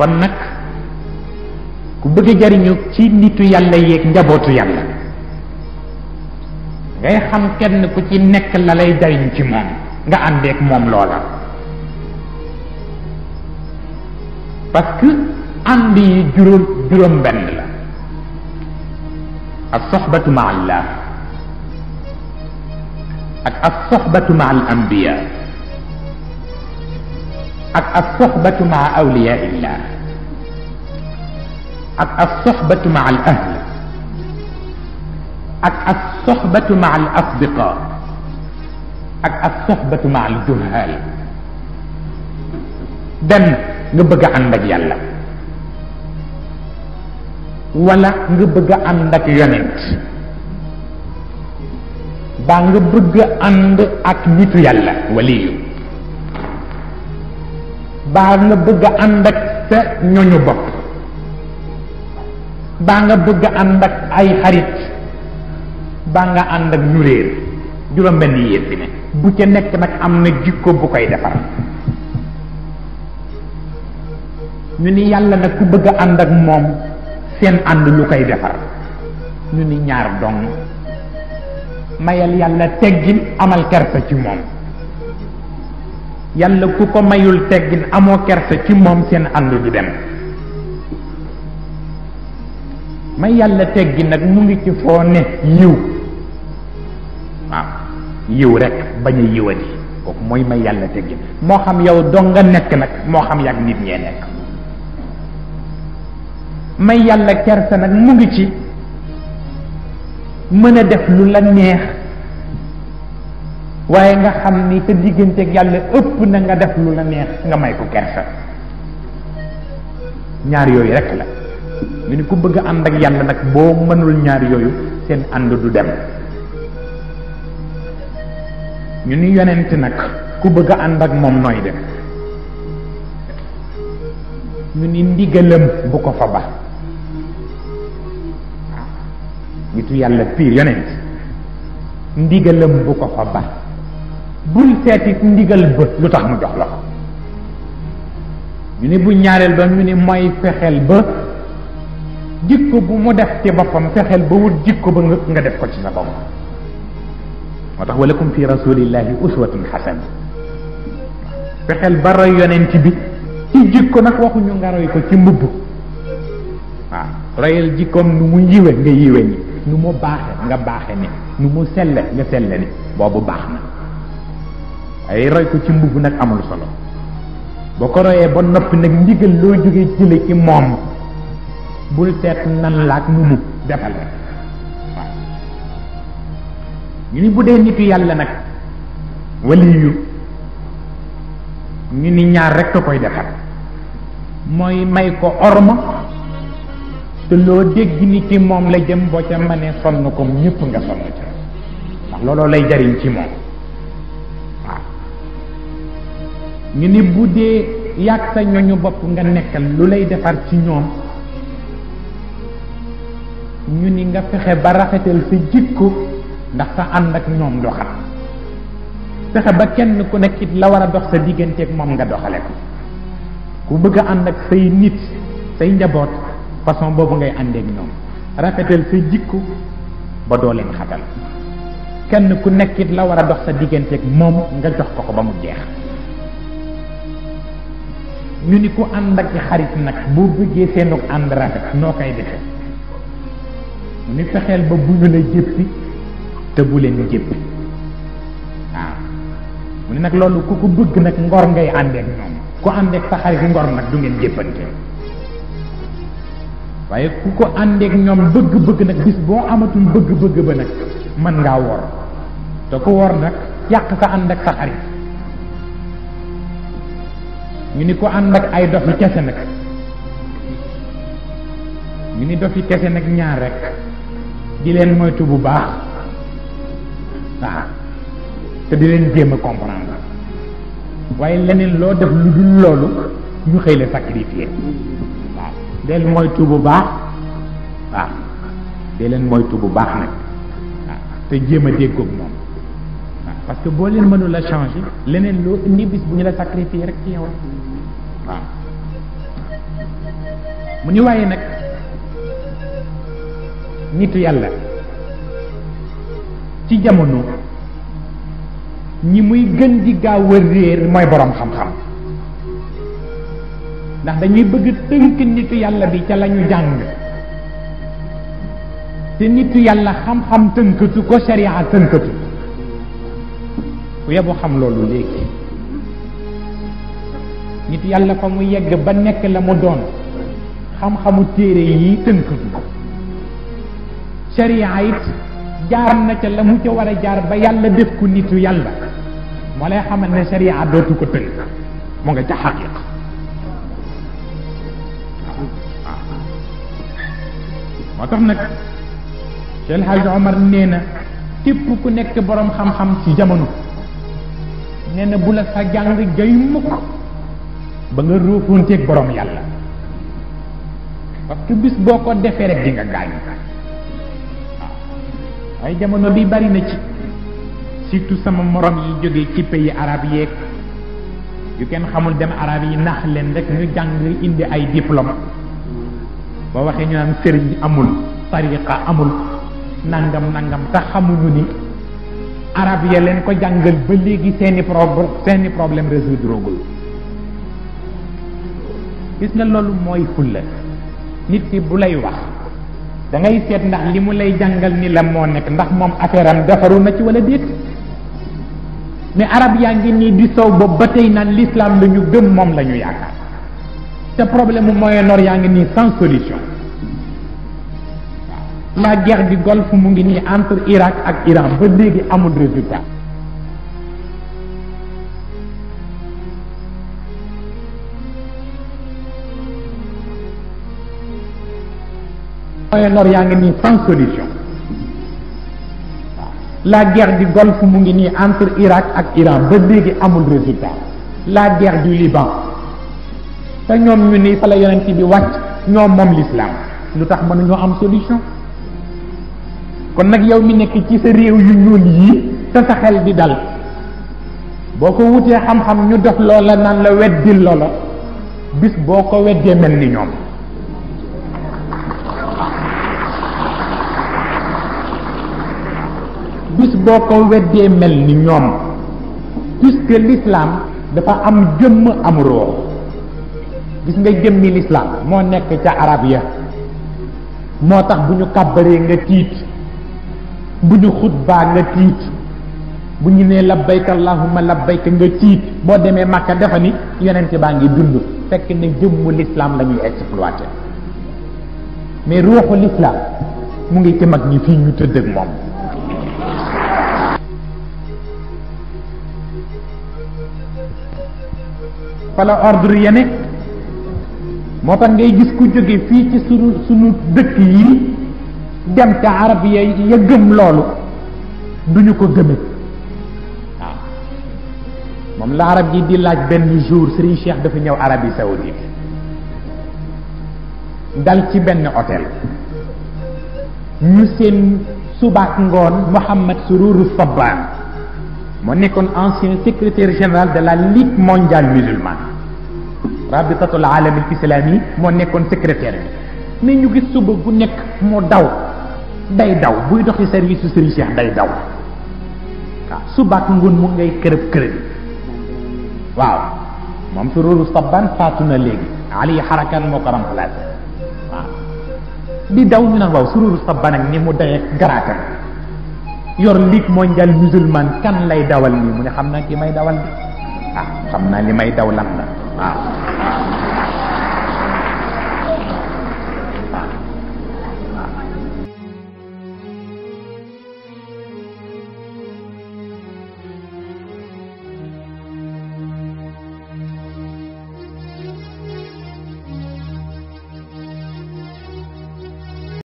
kon nag ku bëgg jariñu ci nitu yàlla yeeg njabootu yàlla ngay xam kenn ku ci nekk la lay jariñ ci moom nga àndeek moom loola parce que ànd yi juróom juróom benn la as soxbatu ma allah ak as soxbatu ma al ambiya ak الصحبة مع أولياء الله الصحبة مع الأهل الصحبة مع الأصدقاء الصحبة مع الجهال dem nga bëgg ànd ak yàlla wala nga bëgg ànd ak yonent ba nga bëgg ànd ak nitu yàlla waliyu baa nga bëgg a ànd ak sa ñoñu bopp baa nga bëgg a ànd ak ay xarit baa nga ànd ak ñu réer juróom benn yéen bi ne bu ca nekk nag am na jikko bu koy defar ñu ni yàlla nag ku bëgg a ànd ak moom seen ànd lu koy defar ñu ni ñaar dong mayal yàlla teggin amal kersa ci moom yàlla ku ko mayul teggin amoo kersa ci moom seen ànd du dem may yàlla teggin nag mu ngi ci foo ne yiw waaw yiw rek bañ a yiwadi kooku mooy may yàlla teggin moo xam yow dong nga nekk nag moo xam yàgg nit ñee nekk may yàlla kersa nag mu ngi ci mën a def lu la neex waaye nga xam ni sa digganteeg yàlla ëpp na nga def lu la neex nga may ko kersa ñaar yooyu rek la ñu ni ku bëgg ànd ak yàlla nag boo mënul ñaar yooyu seen ànd du dem ñu ni yonent nag ku bëgg ànd ak moom nooy dem ñu ni ndigalam bu ko fa ba nitu yonent bu ko fa ba bul seeti ndigal bët lu tax mu jox la ko ñu ni bu ñaareel ba ñu ni mooy fexeel ba jikko bu mu def ci boppam fexeel ba wut jikko ba nga def ko ci sa bopp moo tax walakum fi rasulillahi uswatun xasana fexeel ba roy yonent bi ci jikko nag waxuñu nga roy ko ci mbubb waaw royal jikkoom nu mu yiwe nga yiwe ni nu mu baaxe nga baaxe ni nu mu selle nga selle ni boobu baax na ay roy ko ci mbubb nag amul solo boo ko royee ba noppi nag ndigal loo jógee jële ci moom bul seet nan laak nu mu defal rek waaw ni bu dee nitu yàlla nag waliyu ñu ni ñaar rek a koy defal mooy may ko orma te loo dégg ni ci moom la jëm boo ca mënee sonn ko ñëpp nga sonn ca ndax looloo lay jariñ ci moom ñu ni bu dee yàgg sa ñooñu bopp nga nekkal lu lay defar ci ñoom ñu ni nga fexe ba rafetal sa jikko ndax sa ànd ak ñoom doxal fexe ba kenn ku nekk it la war a dox sa digganteeg moom nga doxale ko ku bëgg a ak say nit say façon ngay ñoom sa jikko ba leen xatal kenn ku la dox sa nga jox ko ko ba mu jeex ñu ni ku ànd ak xarit nag boo bëggee seenu ànd rafet noo koy defe mu ni fexeel ba bu ñu la jëppi te bu leen jëppi waaw mu ne nag loolu ku ko bëgg nag ngor ngay àndeek ñoom ku àndeek sa xarit ngor nag du ngeen jëppante waaye ku ko àndeek ñoom bëgg-bëgg nag bis boo amatul bëgg-bëgg ba nag mën ngaa wor te ku wor nag yàq sa ànd ak sa xarit ñu ni ko ànd ak ay dofi kese nag ñu ni dofi kese nag ñaar rek di leen moytu bu baax waaw te di leen jéem a comprendre waaye leneen loo def lu dul loolu ñu xëy la sacrifier waaw del moytu bu baax waaw de leen moytu bu baax nag waaw te jéem a déggoog moom parce que boo leen mënul a changer leneen loo indi bis bu ñu la sacrifier rek ci yow waaw mu ni waaye nag nitu yàlla ci jamono ñi muy gën di gaaw a réer mooy boroom xam-xam ndax dañuy bëgg tënk nitu yàlla bi ca la ñu jàng te nitu yàlla xam-xam tënkatu ko sharia tënkatu ku yebu xam loolu léegi nit yàlla ko mu yegg ba nekk la mu doon xam-xamu téere yi tënkatu sariya it jaar na ca la mu ca war a jaar ba yàlla def ko nitu yàlla moo lay xamal ne sariya dootu ko tënk mu nga ca xaqiq moo tax nag Cheikh El Hadj Omar nee na képp ku nekk borom xam-xam ci jamono nee na bu la sa jàng jay mukk ba nga ruufunteeg borom yàlla parce que bis boo ko rek di nga gaañu waaye jamono bi bari na ci surtout sama morom yi jógee ci pays arab yu kenn xamul dem arab yi nax leen rek ñu jàng indi ay diplôme boo waxee ñu naan sëriñ amul tariqa amul nangam nangam te xamuñu ni arab ya leen ko jàngal ba léegi seeni pro seeni problème résoudre gul gis nga loolu mooy fulla nit ki bu lay wax da ngay seet ndax li mu lay jàngal ni la moo nekk ndax moom affaire am defaru na ci wala déet mais arab yaa ngi nii di sow boobu ba tey naan l'islam lañu gën moom la ñu yaakaar te problème mu Moyen-Orient yaa ngi nii sans solution la guerre du golfe mu ngi nii entre Irak ak Iran ba léegi amul résultat Moyen-Orient yaa ngi nii sans solution la guerre du mu ngi nii entre Irak ak Iran ba léegi amul résultat la guerre du Liban te ñoom ñu ni fa la yonent bi wàcc ñoom moom l'islam lu tax mënuñoo am solution kon nag yow mi nekk ci sa réew yu ñuul yii te sa xel di dal boo ko wutee xam-xam ñu def la naan la weddil loola bis boo ko weddee mel ni ñoom bis boo ko ni ñoom puisque dafa am jëmm am gis nga jëmmi l'islam moo nekk ca arab ya moo tax bu ñu kàbbaree nga tiit bu ñu baa nga tiit bu ñu nee labbayka allahumma labbayka nga tiit boo demee Màkka dafa ni yonente baa ngi dund fekk ne jëmmu lislaam la ñuy exploité mais ruuxu lislaam mu ngi ci mag ñi fii ñu tëdd ak moom fala ordre ya moo tax ngay gis ku jóge fii ci sunu sunu dëkk yi dem te arab ya ya gëm loolu du ñu ko gëme waaw ah. moom la arab yi di laaj benn jour Serigne Cheikh dafa ñëw Arabie Saoudite dal ci benn hôtel ñu seen subaak ngoon Mohammed Sururu Sabbaan moo nekkoon ancien secrétaire général de la Ligue mondiale musulmane rabitatul alam al islami moo nekkoon secrétaire bi mais ñu gis suba gu nekk moo daw day daw buy doxi service su Serigne day daw waaw subaak ngun mu ngay kërëb kërëb waaw moom sururu saban faatu na léegi ali xarakan moo ko remplacé di daw ñu naan waaw sururu saban ak ni mu dayee garaata yor ligue mondial musulman kan lay dawal nii mu ne xam naa ki may dawal bi ah, xam naa li may daw lan la